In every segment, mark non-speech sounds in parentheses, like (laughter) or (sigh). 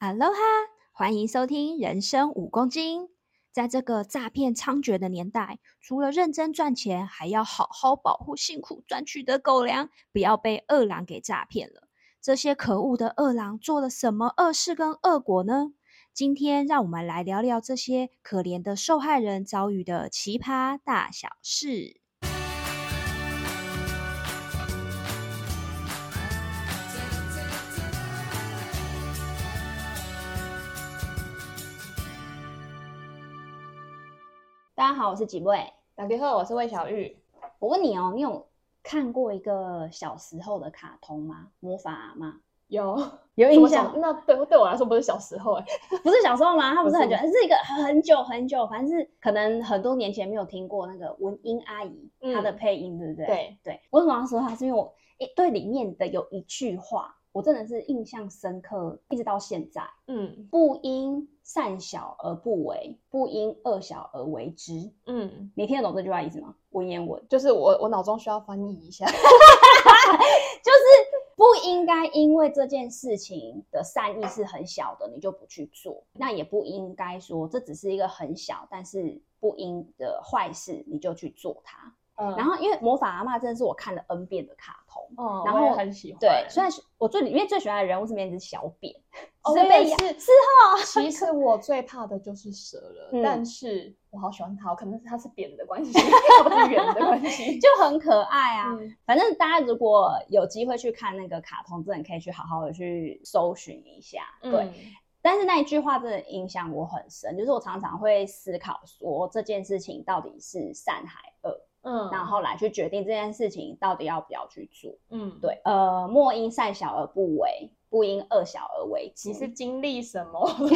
哈囉哈，歡迎收聽《人生五公斤》。在這個詐騙猖獗的年代，除了認真賺錢，還要好好保護辛苦賺取的“狗糧”，不要被惡狼給詐騙了。這些可惡的惡狼做了什麼惡事跟惡果呢？今天讓我們來聊聊這些可憐的受害人遭遇的奇葩大小事。大、啊、家好，我是幾位。大家好，我是魏小玉。我問你哦，你有看過一個小時候的卡通嗎？魔法阿嬤？有有印象？那對對我來說不是小時候哎、欸，不是小時候嗎？他不是很久，是，它是一個很久很久，反正是可能很多年前沒有聽過那個文英阿姨、嗯、她的配音，對不對？對對，我為什麼要說他？是因為我對裡面的有一句話。我真的是印象深刻，一直到現在。嗯，不因善小而不為，不因惡小而為之。嗯，你聽得懂這句話意思嗎？文言文就是我我腦中需要翻譯一下， (laughs) (laughs) 就是不應該因為這件事情的善意是很小的，你就不去做；那也不應該說這只是一個很小，但是不應的壞事，你就去做它。嗯、然後，因為魔法阿嬤真的是我看了 N 遍的卡通，嗯、然後我也很喜歡。對，雖然是我最裡面最，最喜歡的人物，是那隻小扁，哦也是四號。 (laughs) 其實我最怕的就是蛇了，嗯、但是我好喜歡它，可能它是扁的關係，它 (laughs) 是圓的關係，就很可愛啊、嗯。反正大家如果有機會去看那個卡通，真的可以去好好的去搜尋一下。嗯、對，但是那一句話真的影響我很深，就是我常常會思考說這件事情到底是善還是惡。嗯，然後來去決定這件事情到底要不要去做。嗯，對，呃，莫因善小而不為，不因惡小而為之。你是經歷什麼讓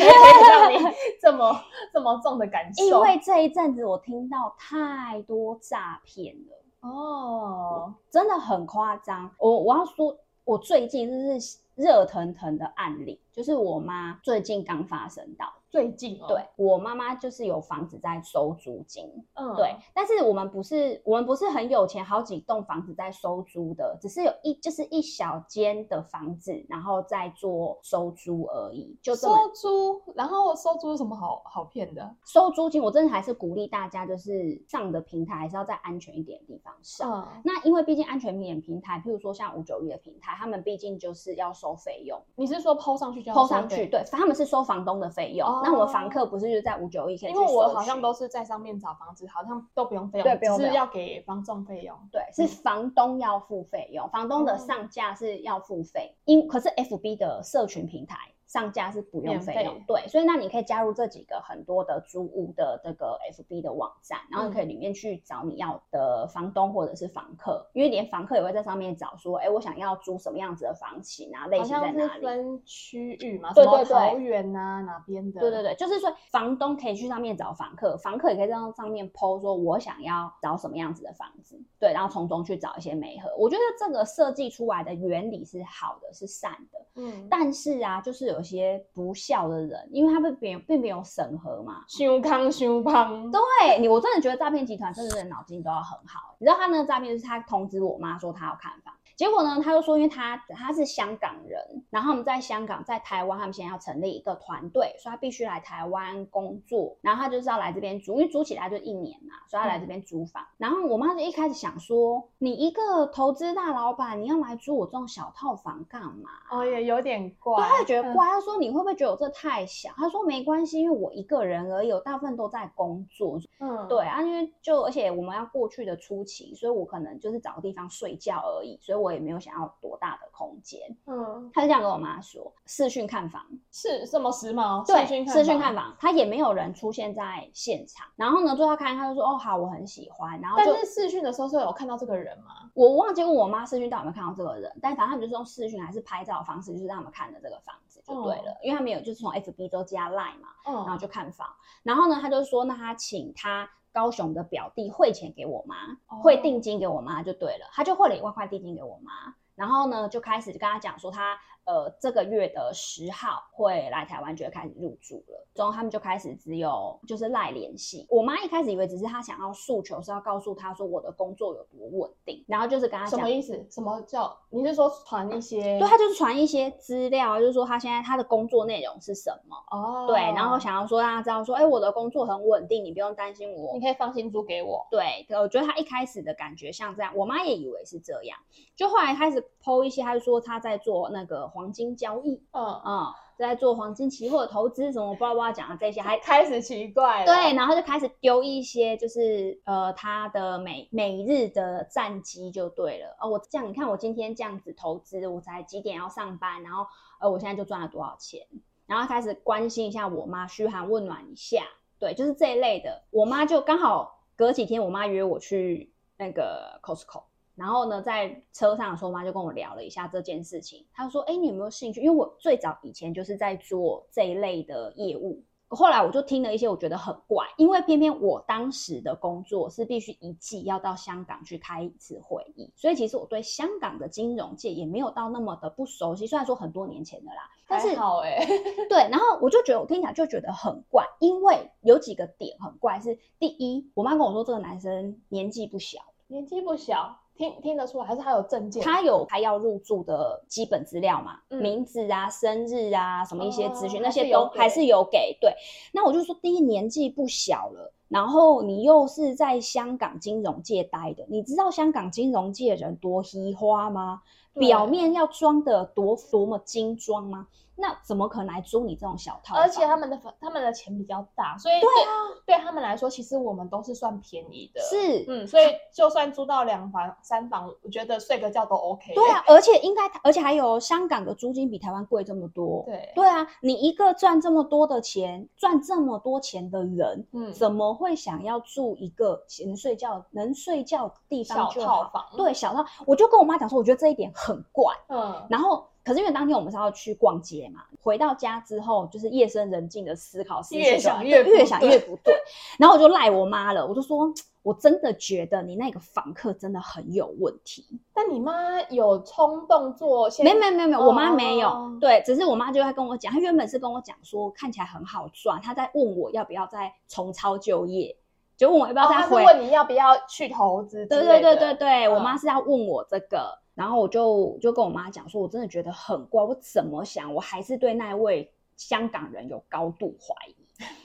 你這麼這麼重的感受？ (laughs) (laughs) (laughs) (laughs) 因為這一陣子我聽到太多詐騙了哦，真的很誇張。我我要說，我最近就是熱騰騰的案例。就是我媽最近剛發生到最近對、哦，我媽媽就是有房子在收租金，嗯，對，但是我們不是我們不是很有錢，好幾棟房子在收租的，只是有一就是一小間的房子，然後在做收租而已，就收租，然後收租有什麼好好騙的？收租金，我真的還是鼓勵大家就是上的平台還是要在安全一點的地方上。嗯，那因為畢竟安全免平台，譬如說像591的平台，他們畢竟就是要收費用。你是說 PO 上去？PO 上去，對，對他們是收房東的費用，哦、那我們房客不是就在五九一？因為我好像都是在上面找房子，好像都不用費用，對不用是要給房仲費用、嗯。對，是房東要付費用，房東的上架是要付費。因、嗯、可是 FB 的社群平台。上架是不用費用、嗯，對，所以那你可以加入這幾個很多的租屋的這個 FB 的網站，然後可以裡面去找你要的房東或者是房客，嗯、因為連房客也會在上面找，說，哎、欸，我想要租什麼樣子的房型，然後類型在哪裡？分區域嘛，對對對，桃園啊，哪邊的？對對對，就是說房東可以去上面找房客，房客也可以在上面 PO 說，我想要找什麼樣子的房子，對，然後從中去找一些媒合。我覺得這個設計出來的原理是好的，是善的，嗯，但是啊，就是有。有些不孝的人，因為他們並並沒有審核嘛，上當上當。對你，我真的覺得詐騙集團真的是腦筋都要很好。你知道他那個詐騙，就是他通知我媽說他要看房。結果呢，他就說，因為他他是香港人，然後我們在香港，在台灣，他們現在要成立一個團隊，所以他必須來台灣工作，然後他就是要來這邊租，因為租起來就一年嘛，所以他來這邊租房。嗯、然後我媽就一開始想說，你一個投資大老闆，你要來租我這種小套房幹嘛？哦，也有點怪，對，她覺得怪。她、嗯、說，你會不會覺得我這太小？她說沒關係，因為我一個人而已，我大部分都在工作。嗯，對啊，因為就而且我們要過去的初期，所以我可能就是找個地方睡覺而已，所以我。我也沒有想要多大的空間，嗯，他就這樣跟我媽說，視訊看房是什麼時髦？對，視訊看，看房，他也沒有人出現在現場，然後呢，最後看他就說，哦，好，我很喜歡。然後，但是視訊的時候是有看到這個人嗎？我忘記問我媽視訊到底有沒有看到這個人，但反正他們就是用視訊還是拍照的方式，就是讓他們看的這個房子就對了，哦、因為他們有就是從 FB 都加 LINE 嘛，嗯、哦，然後就看房，然後呢，他就說，那他請他。高雄的表弟匯錢給我媽，匯、哦、定金給我媽就對了，他就匯了一萬塊定金給我媽，然後呢，就開始跟他講說他。呃，這個月的十號會來台灣，就開始入住了。之後他們就開始只有就是賴聯繫。我媽一開始以為只是她想要訴求，是要告訴她說我的工作有多穩定，然後就是跟她講，什麼意思？嗯、什麼叫？你是說傳一些、啊？對，她就是傳一些資料，就是說她現在她的工作內容是什麼？哦，對，然後想要說讓她知道說，哎、欸，我的工作很穩定，你不用擔心我，你可以放心租給我。對，我覺得她一開始的感覺像這樣，我媽也以為是這樣，就後來開始 po 一些，她就說她在做那個。黃金交易，哦嗯、在做黃金期貨投資什麼巴拉巴拉，講的這些，還開始奇怪了。對，然後就開始丟一些，就是呃，他的每每日的戰績就對了。哦，我這樣，你看我今天這樣子投資，我才幾點要上班？然後呃，我現在就賺了多少錢？然後開始關心一下我媽，噓寒問暖一下。對，就是這一類的。我媽就剛好隔幾天，我媽約我去那個 Costco。然後呢，在車上的時候，媽就跟我聊了一下這件事情。她說：“哎，你有沒有興趣？因為我最早以前就是在做這一類的業務。後來我就聽了一些，我覺得很怪，因為偏偏我當時的工作是必須一季要到香港去開一次會議，所以其實我對香港的金融界也沒有到那麼的不熟悉。雖然說很多年前的啦，但是好、欸、 (laughs) 對。然後我就覺得，我聽起來，就覺得很怪，因為有幾個點很怪。是第一，我媽跟我說這個男生年紀不小，年紀不小。”聽聽得出來，還是他有證件？他有他要入住的基本資料嘛、嗯，名字啊、生日啊，什麼一些資訊、哦，那些還都還是有給。對，那我就說，第一，年紀不小了，然後你又是在香港金融界待的，你知道香港金融界人多虛華嗎？表面要裝得多多麼精裝嗎？那怎麼可能來租你這種小套房？而且他們的房，他們的錢比較大，所以對,對啊，對他們來說，其實我們都是算便宜的。是，嗯，所以就算租到兩房三房，我覺得睡個覺都 OK。對啊、欸，而且應該，而且還有香港的租金比台灣貴這麼多。對對啊，你一個賺這麼多的錢，賺這麼多錢的人，嗯，怎麼會想要住一個能能睡覺能睡覺地方的小套房？對，小套，我就跟我媽講說，我覺得這一點很怪。嗯，然後。可是因為當天我們是要去逛街嘛，回到家之後就是夜深人靜的思考事，越想越想越不對，對越想越不對 (laughs) 然後我就賴我媽了，我就說我真的覺得你那個房客真的很有問題。但你媽有衝動做？沒沒沒沒、哦，我媽沒有。對，只是我媽就會跟我講，她原本是跟我講說看起來很好賺，她在問我要不要再重操舊業，就問我要不要再回。哦，她會問你要不要去投資？對對對對對，對。哦，我媽是要問我這個。然後我就就跟我媽講說，我真的覺得很怪，我怎麼想，我還是對那一位香港人有高度懷疑。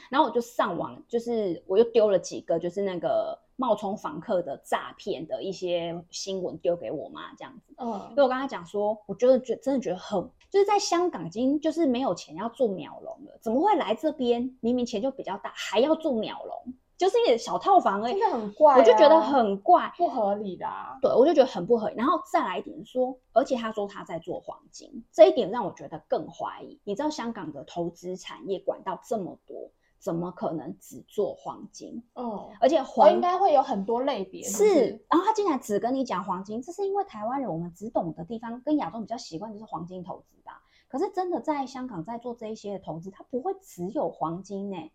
然後我就上網，就是我又丟了幾個，就是那個冒充房客的詐騙的一些新聞，丟給我媽這樣子。嗯，因為我跟她講說，我覺得覺得真的覺得很，就是在香港已經就是沒有錢要住鳥籠了，怎麼會來這邊？明明錢就比較大，還要住鳥籠？就是一點小套房而已，應該很怪、啊，我就覺得很怪，不合理的、啊。對，我就覺得很不合理。然後再來一點說，而且他說他在做黃金，這一點讓我覺得更懷疑。你知道香港的投資產業管道這麼多，怎麼可能只做黃金？哦、嗯，而且黃應該會有很多類別是、是、是。然後他竟然只跟你講黃金，這是因為台灣人我們只懂的地方跟亞洲比較習慣就是黃金投資吧？可是真的在香港在做這一些的投資，他不會只有黃金呢、欸。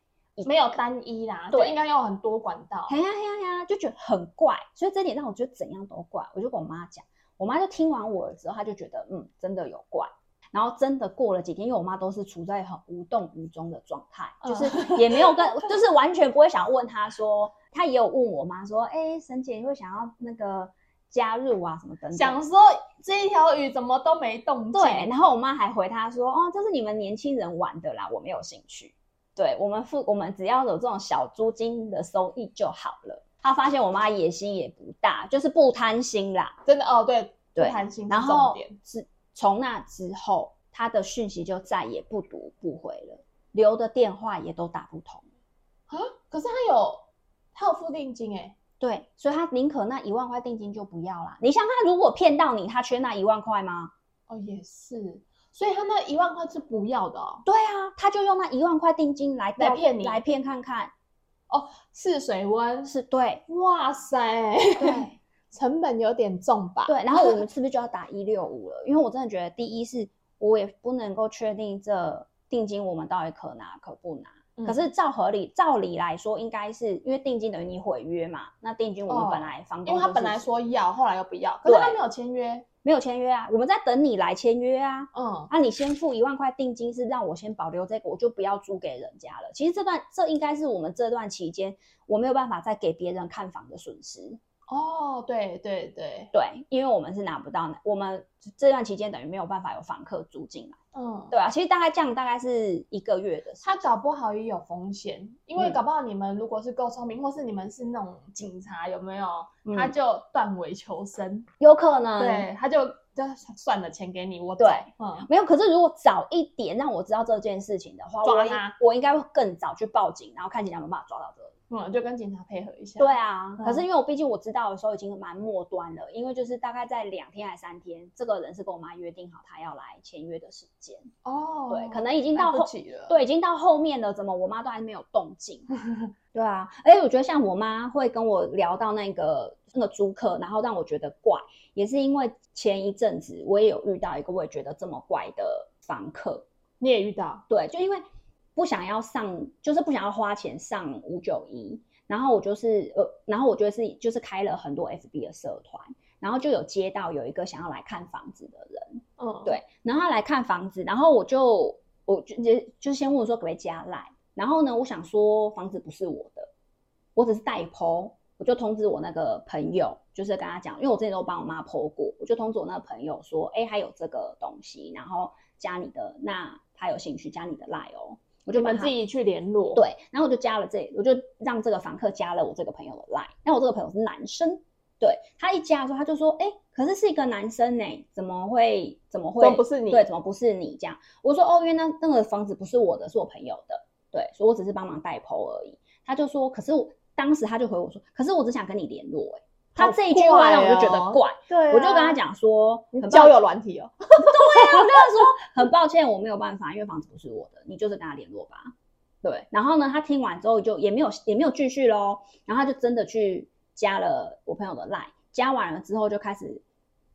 沒有單一啦，對，應該有很多管道。嘿呀、啊、嘿呀、啊、呀，就覺得很怪，所以這點讓我覺得怎樣都怪。我就跟我媽講。我媽就聽完我的之後，她就覺得嗯，真的有怪。然後真的過了幾天，因為我媽都是處在很無動於衷的狀態，就是也沒有跟， (laughs) 就是完全不會想要問她說，她也有問我媽說，哎、欸，沈姐你會想要那個加入啊什麼等等，想說這一條魚怎麼都沒動靜？對，然後我媽還回她說，哦，這是你們年輕人玩的啦，我沒有興趣。對，我們付我們只要有這種小租金的收益就好了。他發現我媽野心也不大，就是不貪心啦，真的哦，對對，不貪心是重點。然後是從那之後，他的訊息就再也不讀不回了，留的電話也都打不通。啊，可是他有他有付定金誒。對，所以他寧可那一萬塊定金就不要啦。你像他如果騙到你，他缺那一萬塊嗎？哦，也是。所以他那一萬塊是不要的哦，對啊，他就用那一萬塊定金來來騙你，來騙看看，哦，試水溫是對，哇塞，對， (laughs) 成本有點重吧？對，然後我們是不是就要打一六五了？因為我真的覺得，第一是我也不能夠確定這定金我們到底可拿可不拿。可是照合理照理來說，應，應該是因為定金等於你毀約嘛？那定金我們本來房東、哦、因為他本來說要，後來又不要，可是他沒有簽約，沒有簽約啊！我們在等你來簽約啊！嗯，啊，你先付一萬塊定金是讓我先保留這個，我就不要租給人家了。其實這段這應該是我們這段期間我沒有辦法再給別人看房的損失。哦、oh，對對對對，因為我們是拿不到，我們這段期間等於沒有辦法有房客租進來。嗯，對啊，其實大概這樣大概是一個月的事情。他搞不好也有風險，因為搞不好你們如果是夠聰明，嗯、或是你們是那種警察，有沒有？他就斷尾求生，有可能。對，他就就算了，錢給你，我、嗯、對，你對，嗯，沒有。可是如果早一點讓我知道這件事情的話，抓他，我應、我應該會更早去報警，然後看警察有沒有辦法抓到這個。嗯、就跟警察配合一下。對啊，嗯、可是因為我畢竟我知道的時候已經蠻末端了，因為就是大概在兩天還是三天，這個人是跟我媽約定好他要來簽約的時間。哦，對，可能已經到後了，對，已經到後面了，怎麼我媽都還沒有動靜、啊？ (laughs) 對啊，哎，我覺得像我媽會跟我聊到那個那個租客，然後讓我覺得怪，也是因為前一陣子我也有遇到一個我也覺得這麼怪的房客，你也遇到？對，就因為。不想要上，就是不想要花錢上591。然後我就是呃，然後我就是就是開了很多 FB 的社團，然後就有接到有一個想要來看房子的人，嗯，對。然後他來看房子，然後我就我就就先問說可不可以加 LINE。然後呢，我想說房子不是我的，我只是代 PO，我就通知我那個朋友，就是跟他講，因為我之前都幫我媽 PO 過，我就通知我那個朋友說，哎、欸，還有這個東西，然後加你的，那他有興趣加你的 LINE 哦。我就把們自己去聯絡，對，然後我就加了這個，我就讓這個房客加了我這個朋友的 line。那我這個朋友是男生，對，他一加的時候，他就說：“哎、欸，可是是一個男生呢、欸，怎麼會？怎麼會？不是你？對，怎麼不是你？這樣？”我說：“哦，原來那個房子不是我的，是我朋友的。對，所以我只是幫忙代 PO 而已。”他就說：“可是我當時他就回我說，可是我只想跟你聯絡、欸。”哎。他這一句話呢，我就覺得怪，對。我就跟他講說很交友軟體哦，對我跟他說很抱歉，啊哦 (laughs) 啊、我，很抱歉我沒有辦法，因為房子不是我的，你就是跟他聯絡吧。對，然後呢，他聽完之後就也沒有也沒有繼續嘍，然後他就真的去加了我朋友的 line，加完了之後就開始，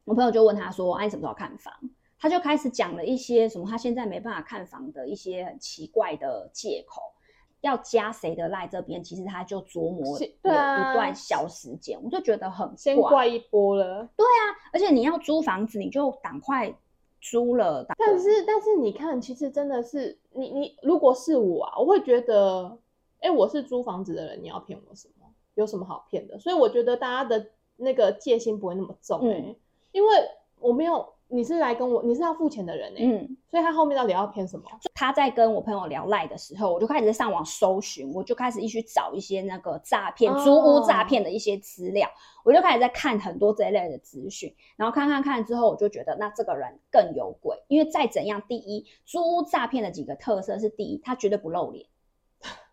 我朋友就問他說，哎、啊，什麼時候看房？他就開始講了一些什麼，他現在沒辦法看房的一些很奇怪的借口。要加誰的 Line 這邊，其實他就琢磨了一段小時間、啊，我就覺得很怪，先怪一波了。對啊，而且你要租房子，你就趕快租了快。但是，但是你看，其實真的是你，你如果是我、啊，我會覺得，哎、欸，我是租房子的人，你要騙我什麼？有什麼好騙的？所以我覺得大家的那個戒心不會那麼重、欸嗯，因為我沒有。你是來跟我，你是要付錢的人呢、欸。嗯，所以他後面到底要騙什麼？他在跟我朋友聊 LINE 的時候，我就開始在上網搜尋，我就開始一直找一些那個詐騙、哦、租屋詐騙的一些資料，我就開始在看很多這一類的資訊。然後看看看了之後，我就覺得那這個人更有鬼，因為再怎樣，第一，租屋詐騙的幾個特色是第一，他絕對不露臉，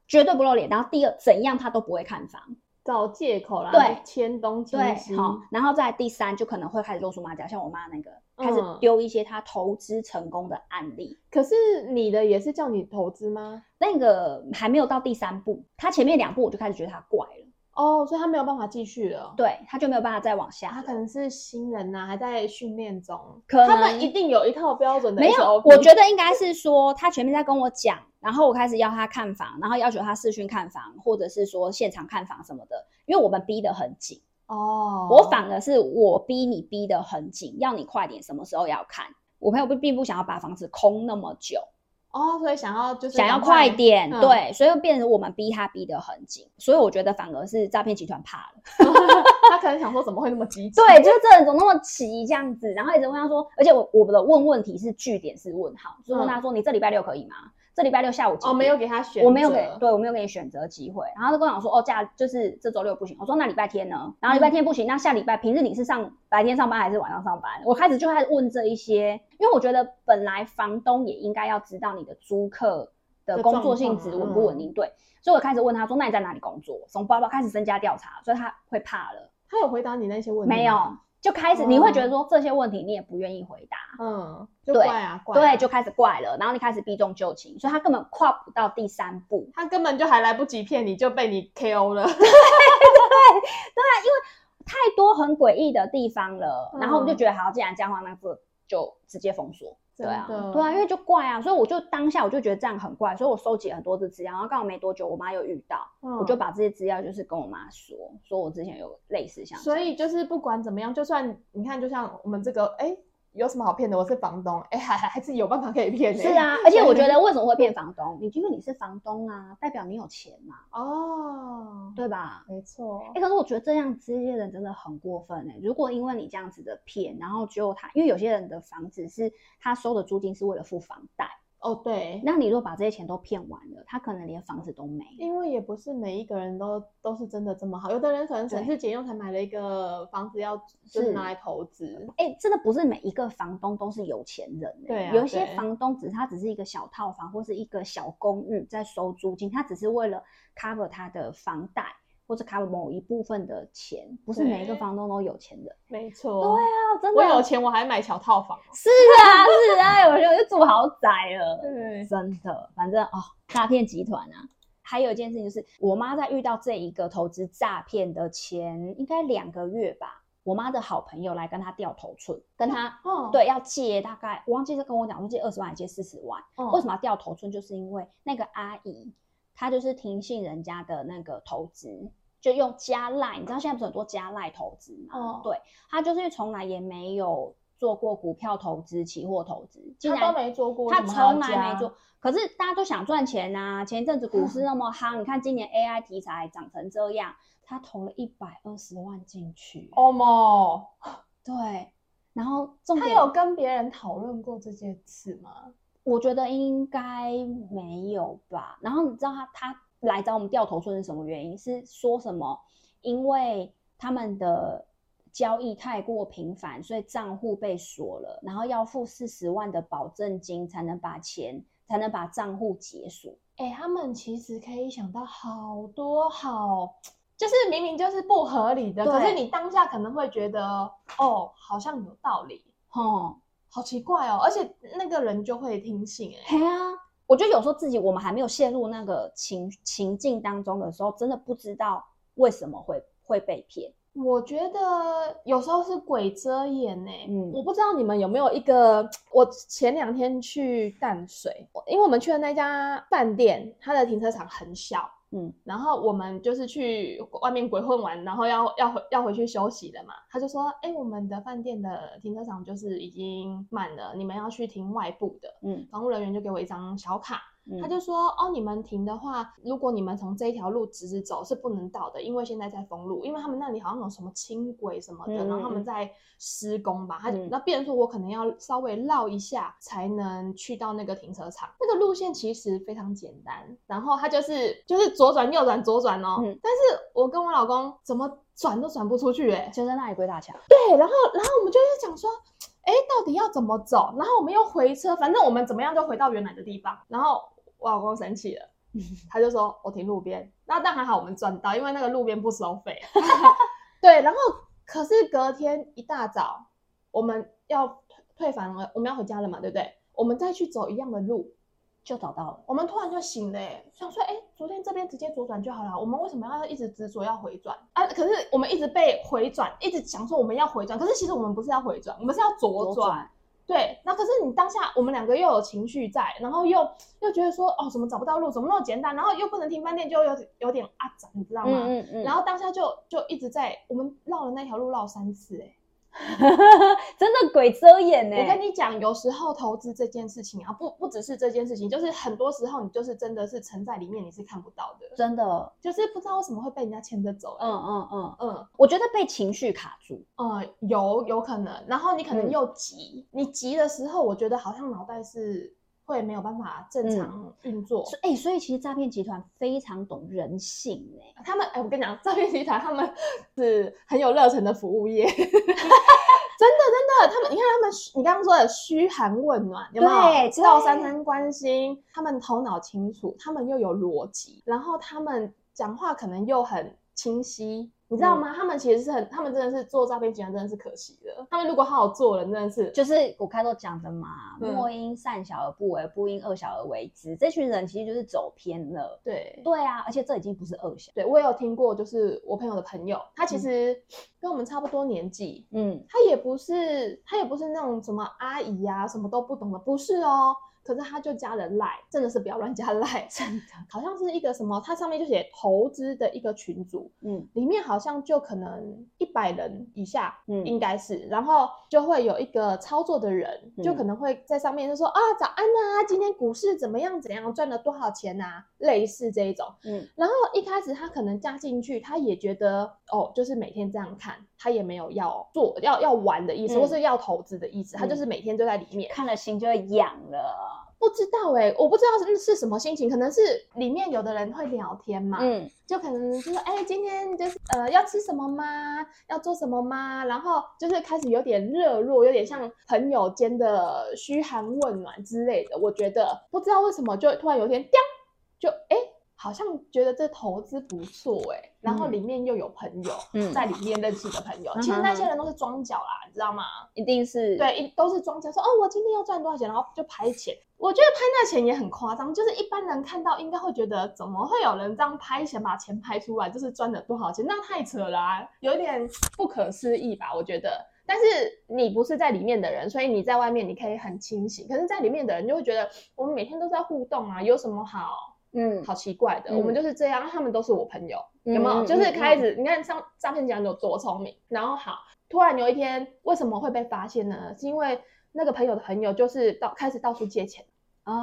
絕對不露臉。然後第二，怎樣他都不會看房，找借口啦，簽東簽西，對，好。然後再第三，就可能會開始露出馬腳，像我媽那個。開始丟一些他投資成功的案例。嗯，可是你的也是叫你投資嗎？那個還沒有到第三步，他前面兩步我就開始覺得他怪了哦，所以他沒有辦法繼續了，對，他就沒有辦法再往下。啊。他可能是新人吶，啊，還在訓練中，可能他們一定有一套標準的，HOP。沒有，我覺得應該是說他前面在跟我講，然後我開始要他看房，然後要求他視訊看房，或者是說現場看房什麼的，因為我們逼得很緊。哦、oh.，我反而是我逼你逼得很緊，要你快點，什麼時候要看？我朋友並並不想要把房子空那麼久，哦、oh,，所以想要就是要想要快點、嗯，對，所以變成我們逼他逼得很緊，所以我覺得反而是詐騙集團怕了， (laughs) (laughs) 他可能想說怎麼會那麼急？對，就是這人怎麼那麼急這樣子，然後一直問他說，而且我我的問問題是句點是問號，就、嗯、問他說你這禮拜六可以嗎？這禮拜六下午哦，沒有給他選，我沒有給，對，我沒有給你選擇機會。然後他跟我講說，哦，假就是這週六不行。我說那禮拜天呢？然後禮拜天不行，嗯、那下禮拜平日你是上白天上班還是晚上上班？我開始就開始問這一些，因為我覺得本來房東也應該要知道你的租客的工作性質穩不穩定、啊嗯，對。所以我開始問他說，那你在哪裡工作？從包包開始增加調查，所以他會怕了。他有回答你那些問題沒有？就開始，你會覺得說這些問題你也不願意回答，嗯，就怪啊，怪啊。對，就開始怪了，然後你開始避重就輕，所以他根本跨不到第三步，他根本就還來不及騙你就被你 KO 了， (laughs) 對對對，因為太多很詭異的地方了，然後我們就覺得、嗯、好，既然這樣的話，那這就直接封鎖。對啊，對啊，對啊，因為就怪啊，所以我就當下我就覺得這樣很怪，所以我收集了很多的資料。然後剛好沒多久，我媽又遇到，嗯，我就把這些資料就是跟我媽說，說我之前有類似像這樣，所以就是不管怎麼樣，就算你看，就像我們這個，哎。欸有什麼好騙的？我是房東，哎、欸，還還還是有辦法可以騙人、欸。是啊，而且我覺得為什麼會騙房東？你 (laughs) 因為你是房東啊，代表你有錢嘛。哦、oh,，對吧？沒錯。哎、欸，可是我覺得這樣這些人真的很過分呢、欸。如果因為你這樣子的騙，然後就他，因為有些人的房子是他收的租金是為了付房貸。哦、oh,，對，那你如果把這些錢都騙完了，他可能連房子都沒。因為也不是每一個人都都是真的這麼好，有的人可能省吃儉用才買了一個房子，要就是拿來投資。哎，真的、這個、不是每一個房東都是有錢人、欸，對、啊，有一些房東只是他只是一個小套房或是一個小公寓在收租金，他只是為了 cover 他的房貸。或者卡某一部分的錢，不是每一個房東都有錢的。沒錯。對啊，真的。我有錢，我還買小套房。是啊， (laughs) 是啊，有時候就住豪宅了。嗯，真的，反正哦，詐騙集團啊，還有一件事情就是，我媽在遇到這一個投資詐騙的前，應該兩個月吧，我媽的好朋友來跟她調頭寸，跟她、嗯，對，要借大概，我忘記是跟我講，我借二十萬，還借四十萬。為什麼要調頭寸？就是因為那個阿姨。他就是聽信人家的那個投資，就用加賴，你知道現在不是很多加賴投資嗎？哦。對，他就是從來也沒有做過股票投資、期貨投資，竟然他都沒做過，他從來沒做。可是大家都想賺錢吶，啊，前一陣子股市那麼夯，啊，你看今年 AI 題材漲成這樣，他投了一百二十萬進去，哦莫。哦哦，對，然後重點，他有跟別人討論過這件事嗎？我覺得應該沒有吧。然後你知道他他來找我們調頭寸是什麼原因？是說什麼？因為他們的交易太過頻繁，所以賬戶被鎖了，然後要付四十萬的保證金才能把錢才能把賬戶解鎖。哎、欸，他們其實可以想到好多好，就是明明就是不合理的，可是你當下可能會覺得哦，好像有道理，哼、嗯。好奇怪哦，而且那個人就會聽信哎、欸，嘿啊！我覺得有時候自己我們還沒有陷入那個情情境當中的時候，真的不知道為什麼會會被騙。我覺得有時候是鬼遮眼哎、欸，嗯，我不知道你們有沒有一個，我前兩天去淡水，因為我們去的那家飯店，它的停車場很小。嗯，然後我們就是去外面鬼混完，然後要要回要回去休息的嘛。他就說，哎、欸，我們的飯店的停車場就是已經滿了，你們要去停外部的。嗯，房務人員就給我一張小卡。他就說：“哦，你們停的話，如果你們從這一條路直直走是不能到的，因為現在在封路，因為他們那裡好像有什麼輕軌什麼的，嗯、然後他們在施工吧。嗯、他就那邊說我可能要稍微繞一下才能去到那個停車場。嗯、那個路線其實非常簡單，然後他就是就是左轉右轉左轉哦。嗯、但是，我跟我老公怎麼轉都轉不出去、欸，誒就在那裡鬼打牆。對，然後然後我們就是講說，哎，到底要怎麼走？然後我們又回車，反正我們怎麼樣就回到原來的地方，然後。”我老公生氣了，他就說我停路邊，那但還好我們賺到，因為那個路邊不收費。 (laughs) (laughs) 對，然後可是隔天一大早，我們要退、退房了，我們要回家了嘛，對不對？我們再去走一樣的路，就找到了。我們突然就醒了，想說，哎，昨天這邊直接左轉就好了，我們為什麼要一直執着要回轉啊？可是我們一直被回轉，一直想說我們要回轉，可是其實我們不是要回轉，我們是要左轉。左轉對，那可是你當下我們兩個又有情緒在，然後又又覺得說，哦，怎麼找不到路？怎麼那麼簡單？然後又不能停飯店，就有有點啊長，你知道嗎？嗯嗯，然後當下就就一直在，我們繞了那條路繞三次，誒 (laughs) 真的鬼遮眼呢、欸！我跟你講，有時候投資這件事情啊，不不只是這件事情，就是很多時候你就是真的是沉在裡面，你是看不到的。真的就是不知道為什麼會被人家牽着走。嗯嗯嗯嗯，我覺得被情緒卡住。嗯，有有可能，然後你可能又急，嗯、你急的時候，我覺得好像腦袋是。會沒有辦法正常運作，嗯，欸，所以其實詐騙集團非常懂人性，欸、他們哎、欸，我跟你講，詐騙集團他們是很有熱忱的服務業， (laughs) 真的真的，他們你看他們，你剛剛說的噓寒問暖有沒有，對，知道三餐關心，他們頭腦清楚，他們又有邏輯，然後他們講話可能又很清晰。你知道嗎、嗯？他們其實是很，他們真的是做詐騙集團，真的是可惜了。他們如果好好做人，真的是，就是我開頭講的嘛，嗯、莫因善小而不為，不因惡小而為之。這群人其實就是走偏了。對，對啊，而且這已經不是惡小。對，我也有聽過，就是我朋友的朋友，他其實跟我們差不多年紀，嗯，他也不是，他也不是那種什麼阿姨啊，什麼都不懂的，不是哦。可是他就加了賴，真的是不要亂加賴，真的。好像是一個什麼，他上面就寫投資的一個群組，嗯，裡面好像就可能一百人以下，嗯，應該是、嗯，然後就會有一個操作的人，嗯、就可能會在上面就說、嗯、啊，早安啊，今天股市怎麼樣？怎麼樣賺了多少錢吶、啊？類似這一種，嗯，然後一開始他可能加進去，他也覺得哦，就是每天這樣看，他也沒有要做要要玩的意思、嗯，或是要投資的意思，嗯、他就是每天就在裡面看了心就會癢了。不知道哎、欸，我不知道是是什麼心情，可能是裡面有的人會聊天嘛，嗯，就可能就是誒、欸，今天就是呃要吃什麼嗎？要做什麼嗎？然後就是開始有點熱絡，有點像朋友間的噓寒問暖之類的。我覺得不知道為什麼就突然有點掉，就誒、欸好像覺得這投資不錯誒、欸嗯、然後裡面又有朋友、嗯，在裡面認識的朋友，其實那些人都是樁腳啦，嗯、你知道嗎？一定是對，都是樁腳說，說哦，我今天要賺多少錢，然後就拍錢。我覺得拍那錢也很誇張，就是一般人看到應該會覺得，怎麼會有人這樣拍錢把錢拍出來，就是賺了多少錢？那太扯了、啊，有點不可思議吧？我覺得。但是你不是在裡面的人，所以你在外面你可以很清醒。可是在裡面的人就會覺得，我們每天都在互動啊，有什麼好？嗯，好奇怪的，嗯，我們就是這樣，他們都是我朋友，有沒有？嗯、就是開始，嗯嗯，你看上，像詐騙集團有多聰明，然後好，突然有一天，為什麼會被發現呢？是因為那個朋友的朋友，就是到開始到處借錢啊，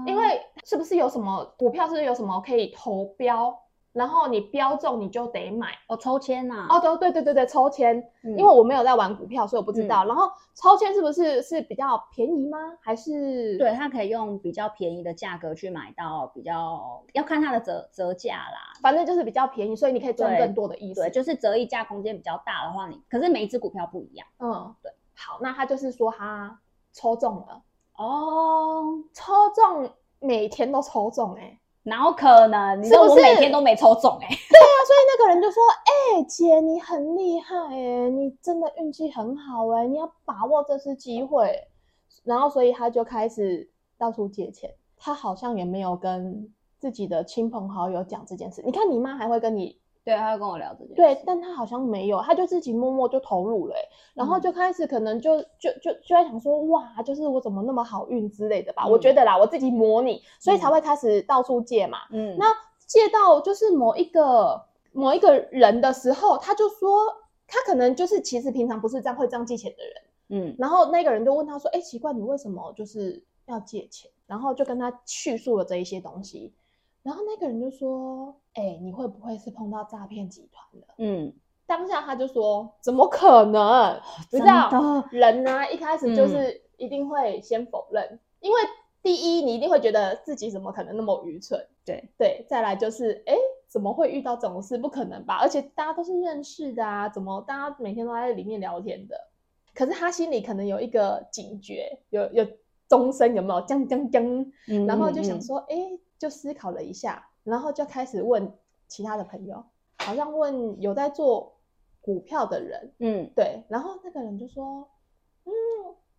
哦，因為是不是有什麼股票，是不是有什麼可以投標？然後你標中你就得買哦，抽籤吶、啊？哦，對對對對對，抽籤、嗯。因為我沒有在玩股票，所以我不知道。嗯、然後抽籤是不是是比較便宜嗎？還是對，它可以用比較便宜的價格去買到比較，要看它的折折價啦，反正就是比較便宜，所以你可以賺更多的利潤。對，對，就是折溢價空間比較大的話你，你可是每一支股票不一樣。嗯，對。好，那他就是說他抽中了哦，抽中每天都抽中哎、欸。然後可能，你是不是我每天都沒抽中哎、欸。對啊，所以那個人就說：“哎、 (laughs) 欸，姐，你很厲害哎、欸，你真的運氣很好哎、欸，你要把握這次機會。”然後，所以他就開始到處借錢。他好像也沒有跟自己的親朋好友講這件事。你看，你媽還會跟你。對，他要跟我聊這件事。對，但他好像沒有，他就自己默默就投入了、欸嗯，然後就開始可能就就就就在想說，哇，就是我怎麼那麼好運之類的吧？嗯、我覺得啦，我自己模擬、嗯，所以才會開始到處借嘛。嗯，那借到就是某一個某一個人的時候，他就說，他可能就是其實平常不是這樣會這樣借錢的人。嗯，然後那個人就問他說，哎、欸，奇怪，你為什麼就是要借錢？然後就跟他敘述了這一些東西，然後那個人就說。哎、欸，你會不會是碰到詐騙集團的？嗯，當下他就說：“怎麼可能？哦、不知道人呢、啊，一開始就是一定會先否認，嗯、因為第一你一定會覺得自己怎麼可能那麼愚蠢。對對，再來就是哎、欸，怎麼會遇到這種事？不可能吧？而且大家都是認識的啊，怎麼大家每天都在裡面聊天的？可是他心裡可能有一個警覺，有有鐘聲有沒有將將將嗯嗯嗯？然後就想說：哎、欸，就思考了一下。”然後就開始問其他的朋友，好像問有在做股票的人，嗯，對。然後那個人就說，嗯，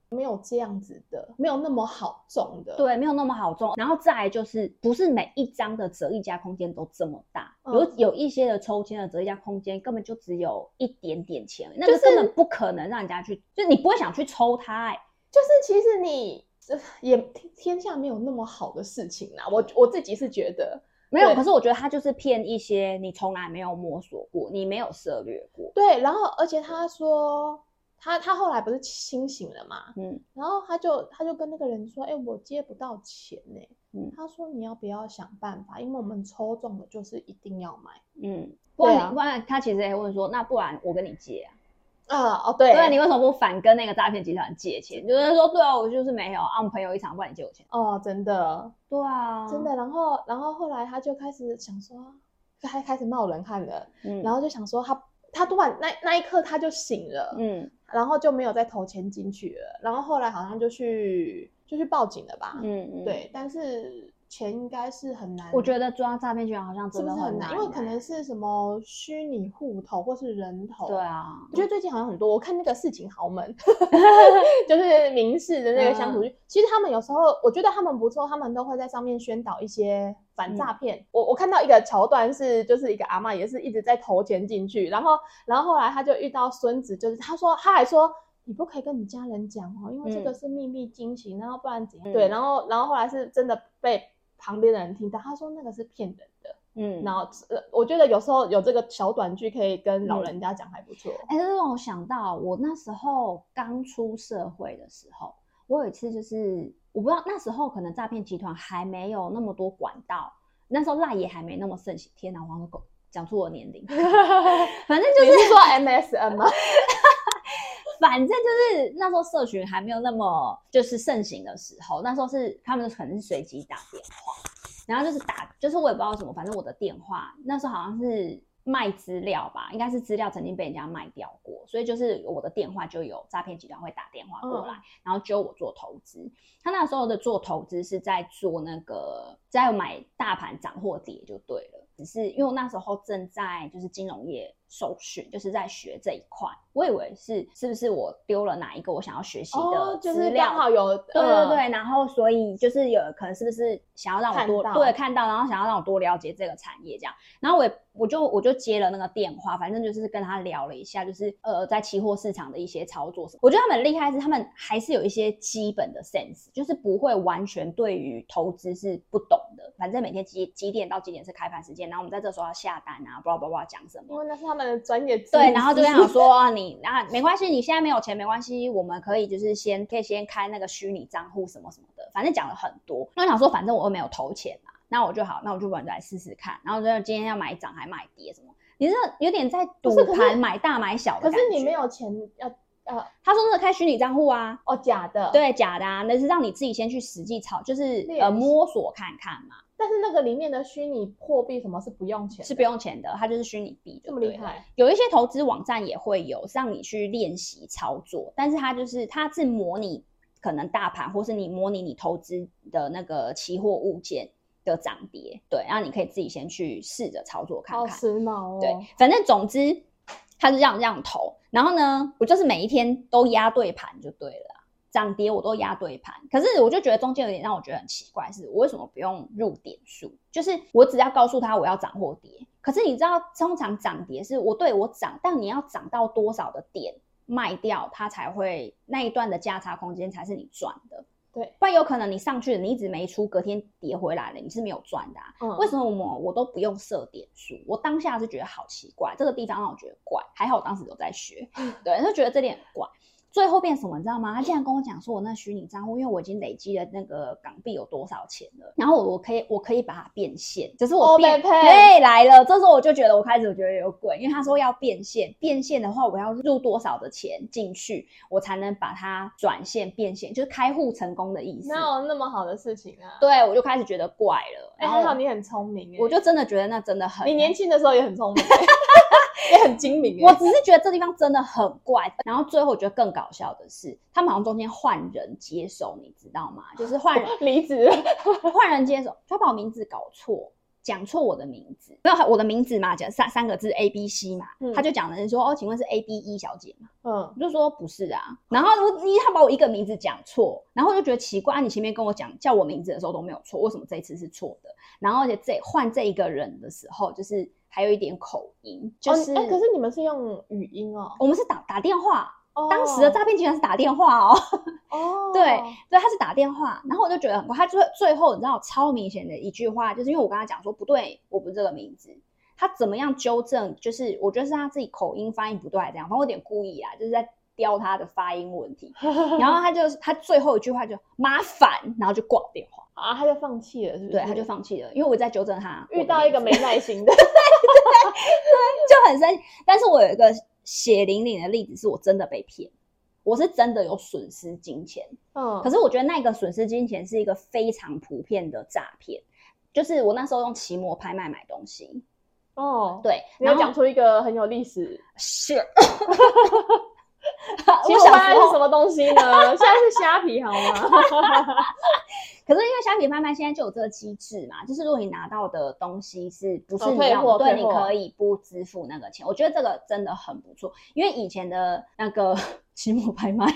沒有這樣子的，沒有那麼好中的，對，沒有那麼好中。然後再來就是，不是每一張的折溢價空間都這麼大，嗯、有有一些的抽籤的折溢價空間根本就只有一點點錢，那就、個、根本不可能讓人家去，就是就你不會想去抽它、欸。就是其實你這也天下沒有那麼好的事情啦，我我自己是覺得。沒有，可是我覺得他就是騙一些你從來沒有摸索過，你沒有涉獵過。對，然後而且他說他他後來不是清醒了嘛，嗯，然後他就他就跟那個人說，哎、欸，我借不到錢哎、欸，嗯，他說你要不要想辦法，因為我們抽中的就是一定要買，嗯，不然、啊、不然他其實也會問說，那不然我跟你借啊。啊、oh, 哦對，對，你為什麼不反跟那個詐騙集團借錢？就是說，對啊，我就是沒有啊，我們朋友一場，不然你借我錢。哦、oh，真的，對啊，真的。然後，然後後來他就開始想說，他開始冒冷汗了，嗯，然後就想說他他突然那那一刻他就醒了，嗯，然後就沒有再投錢進去了。然後後來好像就去就去報警了吧，嗯嗯，對，但是。錢應該是很難，我覺得抓詐騙集團好像真的很難,是是很難，因為可能是什麼虛擬戶頭或是人頭。對啊，我覺得最近好像很多，我看那個《市井豪門》嗯， (laughs) 就是民視、嗯、的那個鄉土劇其實他們有時候我覺得他們不錯，他們都會在上面宣導一些反詐騙。嗯、我我看到一個橋段是，就是一個阿嬤也是一直在投錢進去，然後然後後來他就遇到孫子，就是他說他還說你不可以跟你家人講哦，因為這個是秘密驚喜、嗯，然後不然怎樣？嗯、對，然後然後後來是真的被。旁邊的人聽到他說那個是騙人的，嗯，然後、呃、我覺得有時候有這個小短劇可以跟老人家講還不錯。哎、嗯，就是讓我想到我那時候剛出社會的時候，我有一次就是我不知道那時候可能詐騙集團還沒有那麼多管道，那時候賴也還沒那麼盛行。天哪，黃狗講出我年齡， (laughs) 反正就是你是說 MSN 嗎？ (laughs) 反正就是那時候社群還沒有那麼就是盛行的時候，那時候是他們就可能是隨機打電話，然後就是打，就是我也不知道什麼，反正我的電話那時候好像是賣資料吧，應該是資料曾經被人家賣掉過，所以就是我的電話就有詐騙集團會打電話過來，嗯、然後揪我做投資。他那時候的做投資是在做那個在買大盤漲或跌就對了，只是因為那時候正在就是金融業。首選就是在學這一塊，我以為是是不是我丟了哪一個我想要學習的資料，哦就是、剛好有對對對，然後所以就是有可能是不是想要讓我多看對看到，然後想要讓我多了解這個產業這樣，然後我也我就我就接了那個電話，反正就是跟他聊了一下，就是呃在期貨市場的一些操作什麼，我覺得他們厲害是他們還是有一些基本的 sense，就是不會完全對於投資是不懂的，反正每天幾幾點到幾點是開盤時間，然後我們在這時候要下單啊，不知道不知道講什麼，因、哦、為那專業，對，然後就想說你那、 (laughs) 啊、沒關係，你現在沒有錢沒關係，我們可以就是先可以先開那個虛擬賬戶什麼什麼的，反正講了很多。那我想說，反正我又沒有投錢嘛。那我就好，那我就本來試試看。然後就今天要買漲還買跌什麼？你是有點在賭盤買大買小的可是可是。可是你沒有錢要呃，他說那是開虛擬賬戶啊，哦，假的，對，假的，啊，那是讓你自己先去實際炒，就是呃摸索看看嘛。但是那個裡面的虛擬貨幣什麼是不用錢的？是不用錢的，它就是虛擬幣的。這麼厲害！有一些投資網站也會有讓你去練習操作，但是它就是它是模擬可能大盤，或是你模擬你投資的那個期貨物件的漲跌，對，然後你可以自己先去試着操作看看。哦，時髦哦。對，反正總之它是這樣這樣投，然後呢，我就是每一天都壓對盤就對了。漲跌我都壓對盤，嗯，可是我就覺得中間有點讓我覺得很奇怪是，是我為什麼不用入點數？就是我只要告訴他我要漲或跌，可是你知道通常漲跌是我對我漲，但你要漲到多少的點賣掉它才會那一段的價差空間才是你賺的，對，不然有可能你上去你一直沒出，隔天跌回來了你是沒有賺的啊。嗯，為什麼我我都不用設點數？我當下是覺得好奇怪，這個地方讓我覺得怪，還好我當時有在學，嗯、對，就覺得這點怪。最後變什麼，你知道嗎？他竟然跟我講說，我那虛擬賬戶，因為我已經累積了那個港幣有多少錢了，然後我我可以我可以把它變現，只是我變、oh, okay. 對，來了。這時候我就覺得我開始我覺得有鬼，因為他說要變現，變現的話我要入多少的錢進去，我才能把它轉現變現，就是開戶成功的意思。沒有那麼好的事情啊！對，我就開始覺得怪了。哎，還好你很聰明，我就真的覺得那真的很。你年輕的時候也很聰明，也很精明、欸。 (laughs) 我只是覺得這地方真的很怪。然後最後我覺得更搞。搞笑的是，他們好像中間換人接手，你知道嗎？就是換人離職，換 (laughs) 離職了笑人接手，他把我名字搞錯，講錯我的名字。沒有我的名字嘛，講三三個字 A B C 嘛，嗯、他就講的人說，哦，請問是 A B E 小姐嘛？嗯，我就說不是啊。然後我你他把我一個名字講錯，然後就覺得奇怪，啊、你前面跟我講叫我名字的時候都沒有錯，為什麼這一次是錯的？然後而且這換這一個人的時候，就是還有一點口音，就是哎、哦欸，可是你們是用語音哦，我們是打打電話。當時的詐騙集團是打電話哦、oh. (laughs) 哦，對對，他是打電話，然後我就覺得很怪，他最，最後你知道我超明顯的一句話，就是因為我跟他講說不對，我不是這個名字，他怎麼樣糾正？就是我覺得是他自己口音發音不對這樣，反正我有點故意啊，就是在刁他的發音問題。 (laughs) 然後他就他最後一句話就麻煩，然後就掛電話啊，他就放棄了是不是，對他就放棄了，因為我在糾正他，遇到一個沒耐心的 (laughs) (laughs) 就很生氣。但是我有一個。血淋淋的例子是我真的被騙，我是真的有損失金錢，嗯。可是我覺得那個損失金錢是一個非常普遍的詐騙，就是我那時候用奇摩拍賣買東西。哦，對，然後你要講出一個很有歷史是。 (laughs) (laughs) 其實拍賣是什麼東西呢？現在是蝦皮好嗎？ (laughs) (laughs) 可是因為蝦皮拍賣現在就有這個機制嘛，就是如果你拿到的東西是不是的、哦、退貨對，你可以不支付那個錢。我覺得這個真的很不錯，因為以前的那個奇摩拍賣，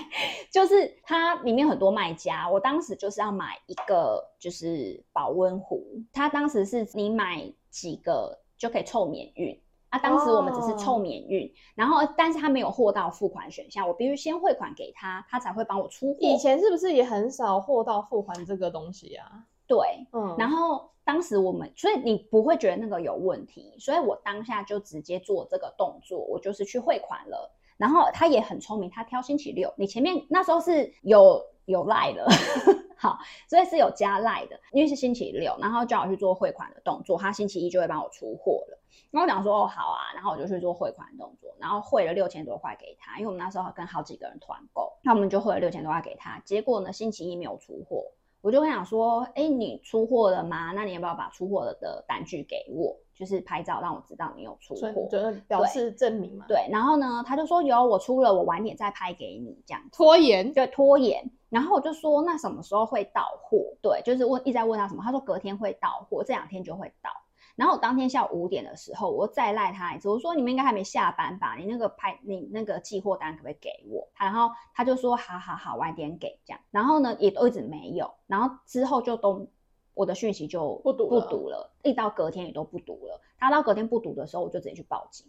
就是它裡面很多賣家，我當時就是要買一個就是保溫壺，它當時是你買幾個就可以湊免運。啊，當時我們只是湊免運，Oh. 然後但是他沒有貨到付款選項，我必須先匯款給他，他才會幫我出貨。以前是不是也很少貨到付款這個東西啊？對，嗯，然後當時我們，所以你不會覺得那個有問題，所以我當下就直接做這個動作，我就是去匯款了。然後他也很聰明，他挑星期六。你前面那時候是有。有賴的， (laughs) 好，所以是有加賴的，因為是星期六，然後叫我去做匯款的動作，他星期一就會幫我出貨了。那我想說哦，好啊，然後我就去做匯款的動作，然後匯了六千多塊給他，因為我們那時候跟好幾個人團購，那我們就匯了六千多塊給他。結果呢，星期一沒有出貨，我就會想說，哎，你出貨了嗎？那你要不要把出貨的的單據給我？就是拍照讓我知道你有出貨，就是表示證明嘛。對，然後呢，他就說有，我出了，我晚點再拍給你這樣。拖延，對，拖延。然後我就說那什麼時候會到貨？對，就是問一直在問他什麼，他說隔天會到貨，這兩天就會到。然後我當天下午五點的時候，我再賴他一次，我說你們應該還沒下班吧？你那個拍你那個寄貨單可不可以給我？然後他就說好好好，晚點給這樣。然後呢，也都一直沒有。然後之後就都。我的訊息就不讀不讀了，一直到隔天也都不讀了。他到隔天不讀的時候，我就直接去報警。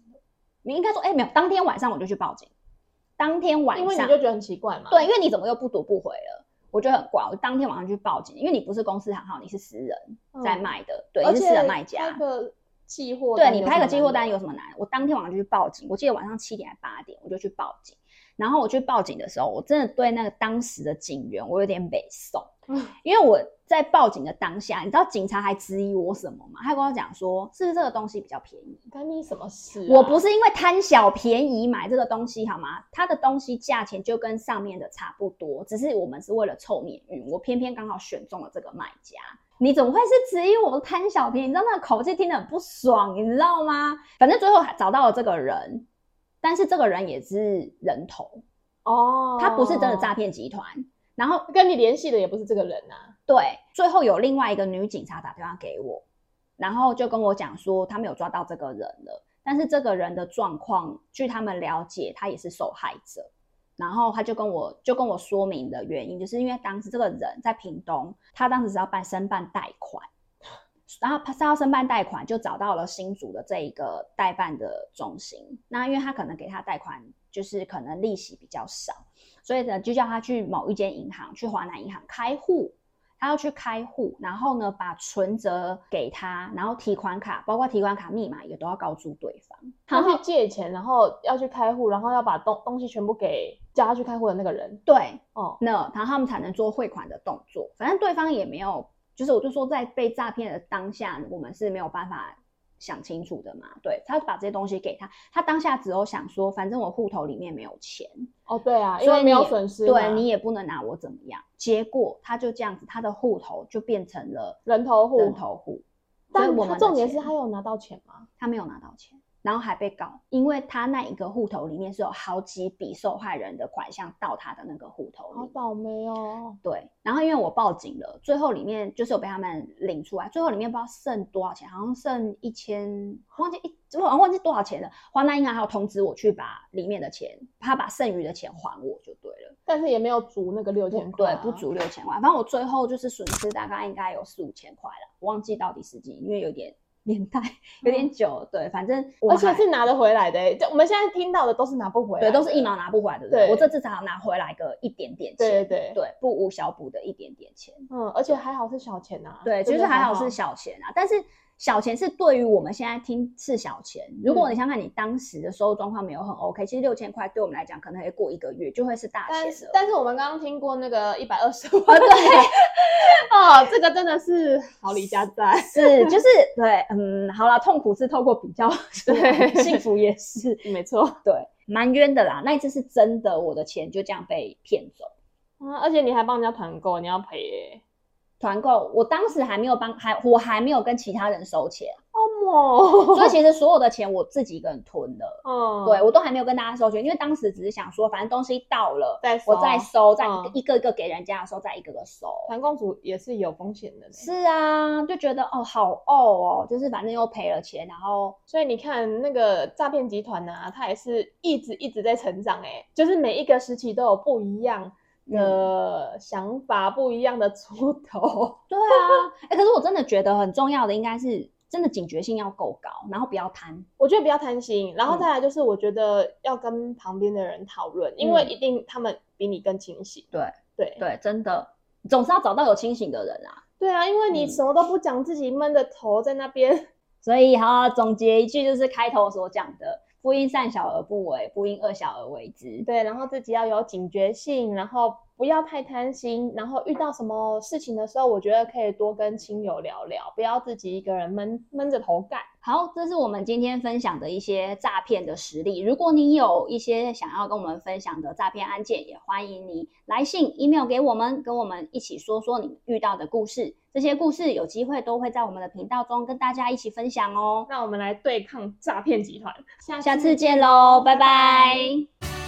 你應該說，哎，沒有，當天晚上我就去報警。當天晚上，因為你就覺得很奇怪嘛，對，因為你怎麼又不讀不回了？我覺得很怪。我當天晚上去報警，因為你不是公司行號，你是私人在賣的，嗯、對而，是私人賣家。那、這個寄貨，對你拍個寄貨單有什麼難？我當天晚上就去報警。我記得晚上七點還八點，我就去報警。然後我去報警的時候，我真的對那個當時的警員，我有點難受，嗯。因為我在報警的當下，你知道警察還質疑我什麼嗎？他跟我講說，是不是這個東西比較便宜？關你什麼事啊？我不是因為貪小便宜買這個東西好嗎？他的東西價錢就跟上面的差不多，只是我們是為了湊免運，我偏偏剛好選中了這個賣家。你怎麼會是質疑我貪小便宜？你知道那個口氣聽得很不爽，你知道嗎？反正最後還找到了這個人。但是這個人也是人頭哦，oh, 他不是真的詐騙集團，然後跟你聯繫的也不是這個人啊。對，最後有另外一個女警察打電話給我，然後就跟我講說，他沒有抓到這個人了，但是這個人的狀況，據他們了解，他也是受害者。然後他就跟我就跟我說明的原因，就是因為當時這個人在屏東，他當時是要辦申辦貸款。然後他要申辦貸款，就找到了新竹的這一個代辦的中心。那因為他可能給他貸款，就是可能利息比較少，所以呢，就叫他去某一間銀行，去華南銀行開戶。他要去開戶，然後呢，把存折給他，然後提款卡，包括提款卡密碼也都要告訴對方。他要去借錢，然後要去開戶，然後要把東東西全部給叫他去開戶的那個人。對，哦，那然後他們才能做匯款的動作。反正對方也沒有。就是，我就說在被詐騙的當下，我們是沒有辦法想清楚的嘛。對，他把這些東西給他，他當下只有想說，反正我戶頭裡面沒有錢。哦，對啊，因為沒有損失。對，你也不能拿我怎麼樣。結果他就這樣子，他的戶頭就變成了人頭戶。人頭戶。但我們重點是，他有拿到錢嗎？他沒有拿到錢。然後還被搞，因為他那一個戶頭裡面是有好幾筆受害人的款項到他的那個戶頭裡。好倒霉哦。對，然後因為我報警了，最後裡面就是有被他們領出來，最後裡面不知道剩多少錢，好像剩一千，忘記一，我忘記多少錢了。華南銀行還有通知我去把裡面的錢，他把剩餘的錢還我就對了。但是也沒有足那個六千塊，對，不足六千塊。反正我最後就是損失大概應該有四五千塊了，我忘記到底是幾，因為有點。年代有點久，嗯，對，反正我而且是拿得回來的。欸，就我們現在聽到的都是拿不回來的對，都是一毛拿不回來的對對。對，我這次至少拿回來個一點點錢，對對對，對，不無小補的一點點錢。嗯，而且還好是小錢啊，對，其、就、實、是、還好是小錢啊，但是。小錢是對於我們現在聽是小錢，如果你想想看你當時的收入狀況沒有很 OK，、嗯、其實六千塊對我們來講可能還過一個月就會是大錢但,但是我們剛剛聽過那個一百二十萬，對， (laughs) 哦，這個真的是好佳哉是,是,是就是 (laughs) 對，嗯，好啦，痛苦是透過比較，對， (laughs) 幸福也是沒錯，對，蠻冤的啦，那一次是真的，我的錢就這樣被騙走，啊，而且你還幫人家團購，你要賠、欸。團購，我當時還沒有幫，還我還沒有跟其他人收錢。哦、oh，所以其實所有的錢我自己一個人吞了。哦、oh.，對我都還沒有跟大家收錢，因為當時只是想說，反正東西到了，再收我再收，oh. 再一個一個給人家的時候，再一個一個收。團購主也是有風險的。是啊，就覺得哦，好傲哦，就是反正又賠了錢，然後所以你看那個詐騙集團呢、啊，他也是一直一直在成長、欸，哎，就是每一個時期都有不一樣。呃，想法不一樣的出頭、嗯， (laughs) 對啊，哎、欸，可是我真的覺得很重要的應該是真的警覺性要夠高，然後不要貪，我覺得不要貪心，然後再來就是我覺得要跟旁邊的人討論、嗯，因為一定他們比你更清醒，嗯、對對對，真的總是要找到有清醒的人啊，對啊，因為你什麼都不講，自己悶着頭在那邊、嗯，所以好好總結一句，就是開頭所講的。不因善小而不為，不因惡小而為之。對，然後自己要有警覺性，然後不要太貪心，然後遇到什麼事情的時候，我覺得可以多跟親友聊聊，不要自己一個人悶悶着頭幹。好，這是我們今天分享的一些詐騙的實例。如果你有一些想要跟我們分享的詐騙案件，也歡迎你來信 (noise) email 給我們，跟我們一起說說你遇到的故事。這些故事有機會都會在我們的頻道中跟大家一起分享哦。那我們來對抗詐騙集團，下次見嘍，拜拜。拜拜。